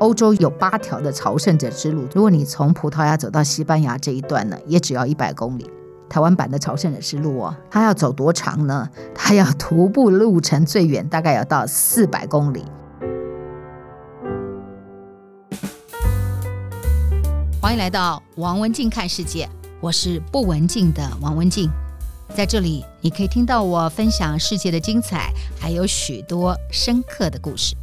歐洲有八條的朝聖者之路，如果你從葡萄牙走到西班牙這一段呢，也只要一百公里。台灣版的朝聖者之路哦，它要走多長呢？它要徒步路程最遠，大概要到四百公里。歡迎來到王文靜看世界，我是不文靜的王文靜。在這裡你可以聽到我分享世界的精彩，還有許多深刻的故事。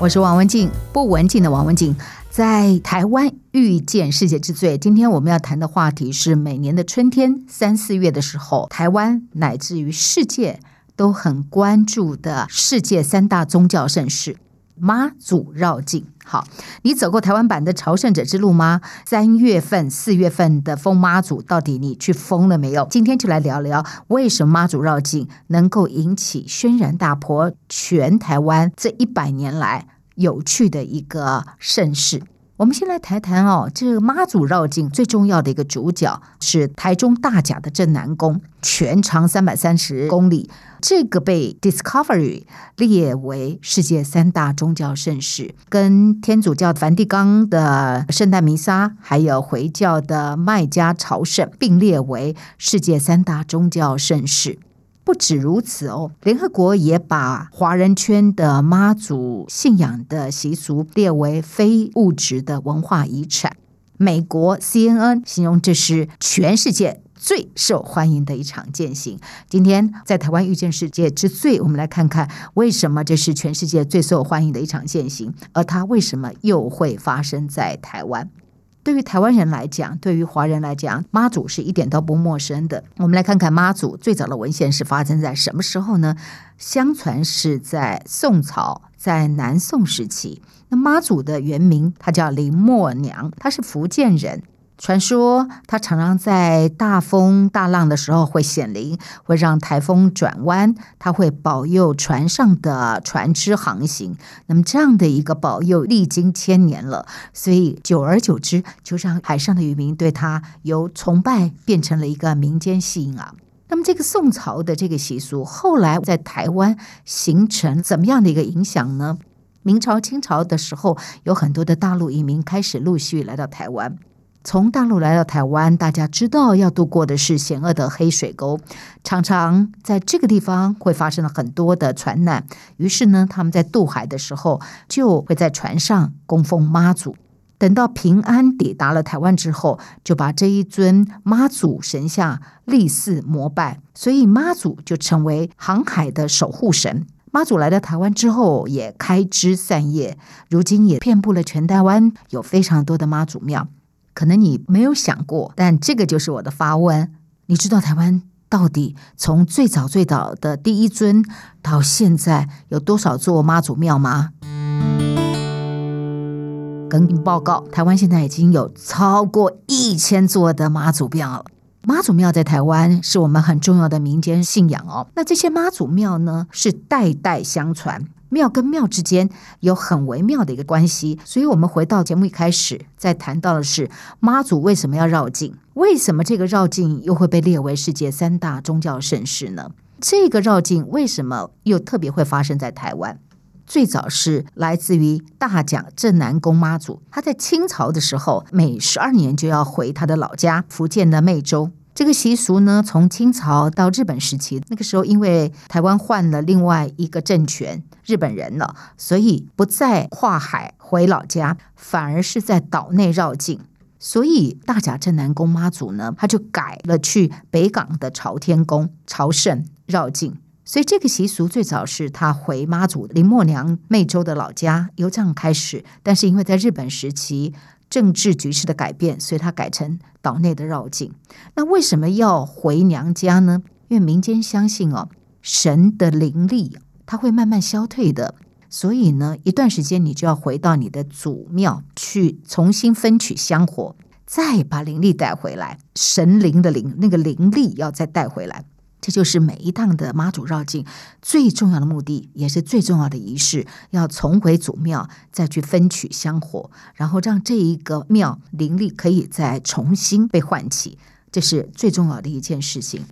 我是王文靜，不文靜的王文靜，在台灣遇見世界之最。今天我們要談的話題是每年的春天三四月的時候，台灣乃至於世界都很關注的世界三大宗教盛事。媽祖繞境好，你走過台灣版的朝聖者之路嗎？三月份、四月份的瘋媽祖，到底你去瘋了沒有？今天就來聊聊，為什麼媽祖繞境能夠引起軒然大波，全台灣這一百年來有趣的一個盛事。我們先來談談哦，這個、媽祖繞境最重要的一個主角是台中大甲的鎮瀾宮，全長三百三十公里。這個被 Discovery 列為世界三大宗教盛事，跟天主教梵蒂岡的聖誕彌撒，還有回教的麥加朝聖並列為世界三大宗教盛事。不止如此哦，聯合國也把華人圈的媽祖信仰的習俗列為非物質的文化遺產。美國 CNN 形容這是全世界最受歡迎的一場健行。今天在台灣遇見世界之最，我們來看看為什麼這是全世界最受歡迎的一場健行，而它為什麼又會發生在台灣？對於台灣人來講，對於華人來講，媽祖是一點都不陌生的。我們來看看媽祖最早的文獻是發生在什麼時候呢？相傳是在宋朝，在南宋時期。那媽祖的原名，她叫林默娘，她是福建人。傳說它常常在大風大浪的時候會顯靈，會讓台風轉彎，它會保佑船上的船只航行。那麼這樣的一個保佑歷經千年了，所以久而久之，就讓海上的漁民對它由崇拜變成了一個民間信仰啊。那麼這個宋朝的這個習俗後來在台灣形成怎麼樣的一個影響呢？明朝、清朝的時候，有很多的大陸移民開始陸續來到台灣。從大陸來到台灣，大家知道要渡過的是險惡的黑水溝，常常在這個地方會發生了很多的船難。於是呢，他們在渡海的時候就會在船上供奉媽祖。等到平安抵達了台灣之後，就把這一尊媽祖神像立祀膜拜。所以媽祖就成為航海的守護神。媽祖來到台灣之後也開枝散葉，如今也遍布了全台灣，有非常多的媽祖廟。可能你沒有想過，但這個就是我的發問。你知道台灣到底從最早最早的第一尊到現在有多少座媽祖廟嗎？跟你報告，台灣現在已經有超過一千座的媽祖廟了。媽祖廟在台灣是我們很重要的民間信仰哦。那這些媽祖廟呢，是代代相傳。廟跟廟之間有很微妙的一個關係，所以我們回到節目一開始，在談到的是媽祖為什麼要繞境，為什麼這個繞境又會被列為世界三大宗教盛事呢？這個繞境為什麼又特別會發生在台灣？最早是來自於大甲鎮瀾宮媽祖，他在清朝的時候每十二年就要回他的老家福建的湄洲。這個習俗呢，從清朝到日本時期，那個時候因為台灣換了另外一個政權，日本人了，所以不再跨海回老家，反而是在島內繞境。所以大甲鎮瀾宮媽祖呢，他就改了去北港的朝天宮朝聖繞境。所以這個習俗最早是他回媽祖林默娘湄洲的老家，由這樣開始。但是因為在日本時期，政治局勢的改變，所以它改成島內的繞境。那為什麼要回娘家呢？因為民間相信哦，神的靈力它會慢慢消退的，所以呢，一段時間你就要回到你的祖廟去重新分取香火，再把靈力帶回來。神靈的靈，那個靈力要再帶回來。這就是每一趟的媽祖繞境最重要的目的，也是最重要的儀式，要重回祖廟，再去分取香火，然後讓這一個廟靈力可以再重新被喚起，這是最重要的一件事情。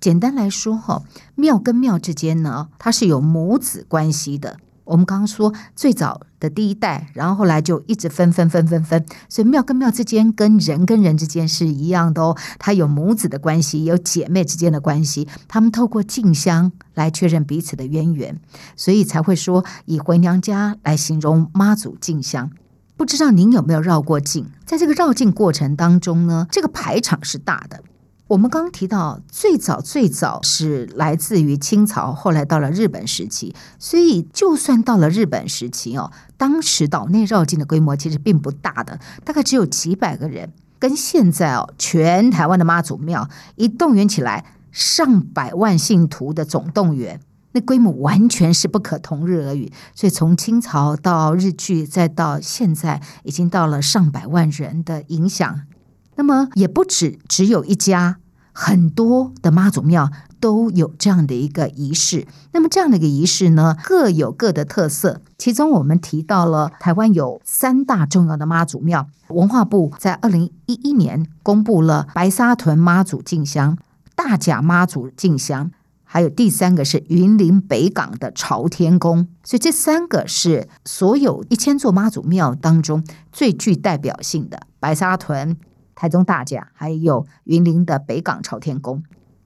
簡單來說，哈，廟跟廟之間呢，它是有母子關係的。我們剛剛說最早。的第一代，然後後來就一直分分分分分，所以廟跟廟之間、跟人跟人之間是一樣的哦，它有母子的關係，有姐妹之間的關係，他們透過進香來確認彼此的淵源，所以才會說以回娘家來形容媽祖進香。不知道您有沒有繞過境，在這個繞境過程當中呢，這個排場是大的。我們剛提到，最早最早是來自於清朝，後來到了日本時期。所以，就算到了日本時期哦，當時島內繞境的規模其實並不大的，大概只有幾百個人。跟現在哦，全台灣的媽祖廟一動員起來，上百萬信徒的總動員，那規模完全是不可同日而語。所以，從清朝到日據再到現在，已經到了上百萬人的影響。那麼也不止只有一家，很多的媽祖廟都有這樣的一個儀式。那麼這樣的一個儀式呢，各有各的特色。其中我們提到了台灣有三大重要的媽祖廟，文化部在二零一一年公布了白沙屯媽祖進香、大甲媽祖進香，還有第三個是雲林北港的朝天宮。所以這三個是所有一千座媽祖廟當中最具代表性的白沙屯、台中大甲，還有雲林的北港朝天宮，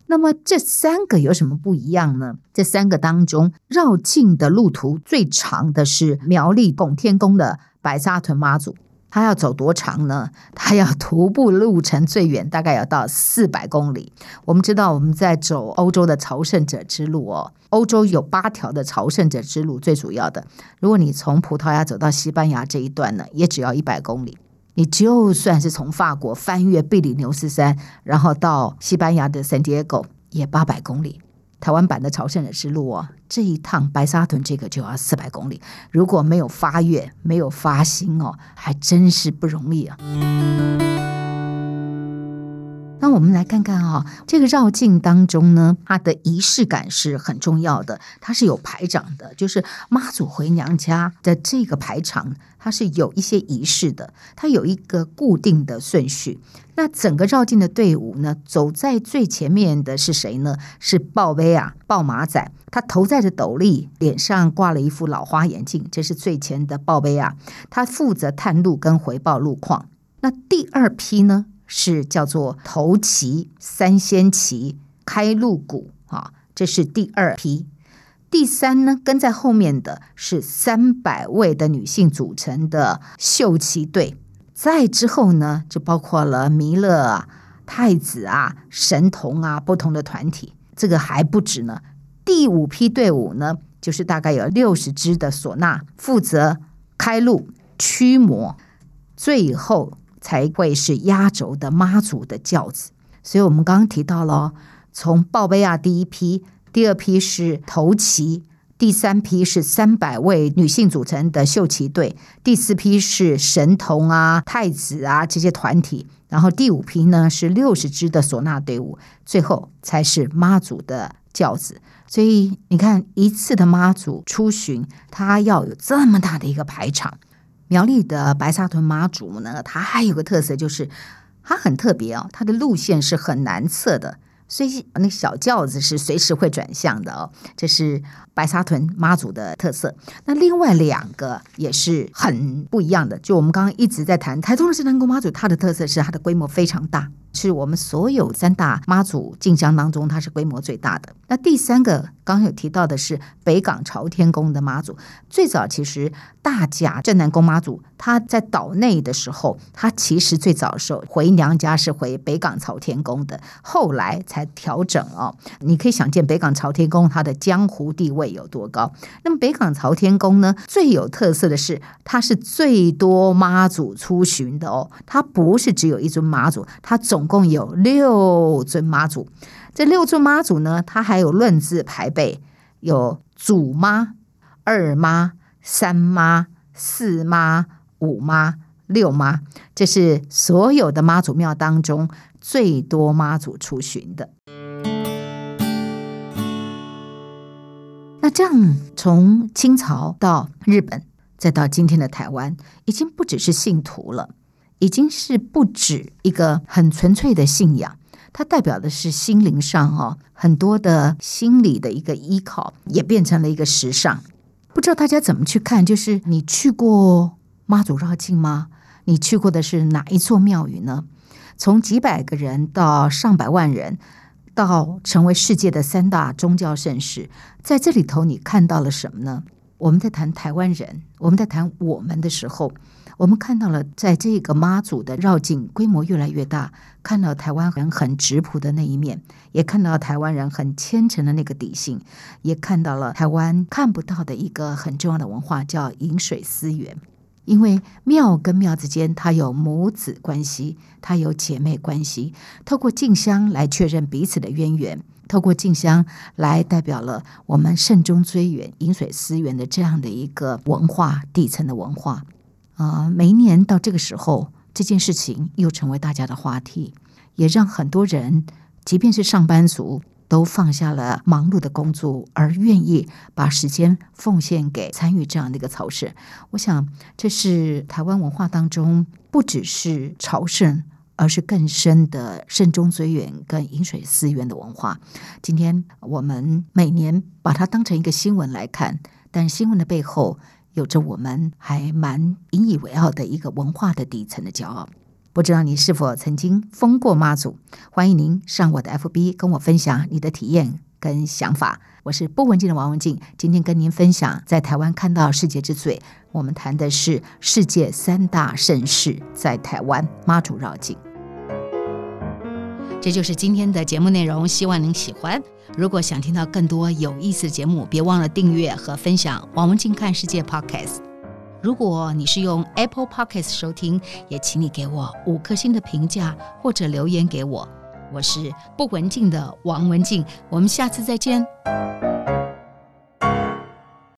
那麼這三個有什麼不一樣呢？這三個當中，繞境的路途最長的是苗栗拱天宮的白沙屯媽祖，它要走多長呢？它要徒步路程最遠，大概要到四百公里。我們知道我們在走歐洲的朝聖者之路哦，歐洲有八條的朝聖者之路，最主要的，如果你從葡萄牙走到西班牙這一段呢，也只要一百公里。你就算是從法國翻越庇里牛斯山，然後到西班牙的聖地牙哥，也八百公里。台灣版的朝聖者之路啊、哦，這一趟白沙屯這個就要四百公里。如果沒有發越，沒有發行哦，還真是不容易啊。那我們來看看啊、哦，這個繞境當中呢，它的儀式感是很重要的。它是有排場的，就是媽祖回娘家的這個排場，它是有一些儀式的，它有一個固定的順序。那整個繞境的隊伍呢，走在最前面的是誰呢？是報馬啊，鮑馬仔，他頭戴着斗笠，臉上掛了一副老花眼鏡，這是最前的報馬啊，他負責探路跟回報路況。那第二批呢？是叫做頭旗、三仙旗、開路鼓啊，這是第二批。第三呢，跟在後面的是三百位的女性組成的繡旗隊。再之後呢，就包括了彌勒啊、太子啊、神童啊，不同的團體，這個還不止呢。第五批隊伍呢，就是大概有六十支的嗩吶，負責開路驅魔。最後。才會是壓軸的媽祖的轎子，所以我們剛剛提到了，從報馬仔第一批，第二批是頭旗，第三批是三百位女性組成的繡旗隊，第四批是神童啊、太子啊這些團體，然後第五批呢是六十支的嗩吶隊伍，最後才是媽祖的轎子。所以你看，一次的媽祖出巡，她要有這麼大的一個排場。苗栗的白沙屯媽祖呢，它還有個特色，就是它很特別哦，它的路線是很難測的。所以那小轎子是隨時會轉向的哦，這是白沙屯媽祖的特色。那另外兩個也是很不一樣的，就我們剛剛一直在談台中的鎮瀾宮媽祖，它的特色是它的規模非常大，是我們所有三大媽祖進香當中，它是規模最大的。那第三個剛剛有提到的是北港朝天宮的媽祖，最早其實大甲鎮瀾宮媽祖。他在島內的時候，他其實最早的時候回娘家是回北港朝天宮的，後來才調整哦，你可以想見北港朝天宮它的江湖地位有多高。那麼北港朝天宮呢，最有特色的是它是最多媽祖出巡的哦。它不是只有一尊媽祖，它總共有六尊媽祖。這六尊媽祖呢，它還有論字排輩，有祖媽、二媽、三媽、四媽。五媽、六媽，這是所有的媽祖廟當中最多媽祖出巡的。那這樣，從清朝到日本，再到今天的台灣，已經不只是信徒了，已經是不止一個很純粹的信仰。它代表的是心靈上哦很多的心理的一個依靠，也變成了一個時尚。不知道大家怎麼去看，就是你去過。媽祖繞境嗎？你去過的是哪一座廟宇呢？從幾百個人到上百萬人，到成為世界的三大宗教盛事，在這裡頭你看到了什麼呢？我們在談台灣人，我們在談我們的時候，我們看到了在這個媽祖的繞境規模越來越大，看到台灣人很質樸的那一面，也看到台灣人很虔誠的那個底性，也看到了台灣看不到的一個很重要的文化，叫飲水思源。因為廟跟廟之間，它有母子關係，它有姐妹關係。透過進香來確認彼此的淵源，透過進香來代表了我們慎終追遠、飲水思源的這樣的一個文化，底層的文化。啊、呃，每一年到這個時候，這件事情又成為大家的話題，也讓很多人，即便是上班族。都放下了忙碌的工作，而願意把時間奉獻給參與這樣的一個朝聖。我想，這是台灣文化當中不只是朝聖，而是更深的慎終追遠跟飲水思源的文化。今天我們每年把它當成一個新聞來看，但新聞的背後，有着我們還蠻引以為傲的一個文化的底層的驕傲。不知道你是否曾經封過媽祖？歡迎您上我的 FB 跟我分享你的體驗跟想法。我是不文靜的王文靜，今天跟您分享在台灣看到世界之最。我們談的是世界三大盛事在台灣媽祖繞境。這就是今天的節目內容，希望您喜歡。如果想聽到更多有意思的節目，別忘了訂閱和分享《王文靜看世界 Podcast》。如果你是用 Apple Podcast 收聽，也請你給我五顆星的評價或者留言給我。我是不文靜的王文靜，我們下次再見。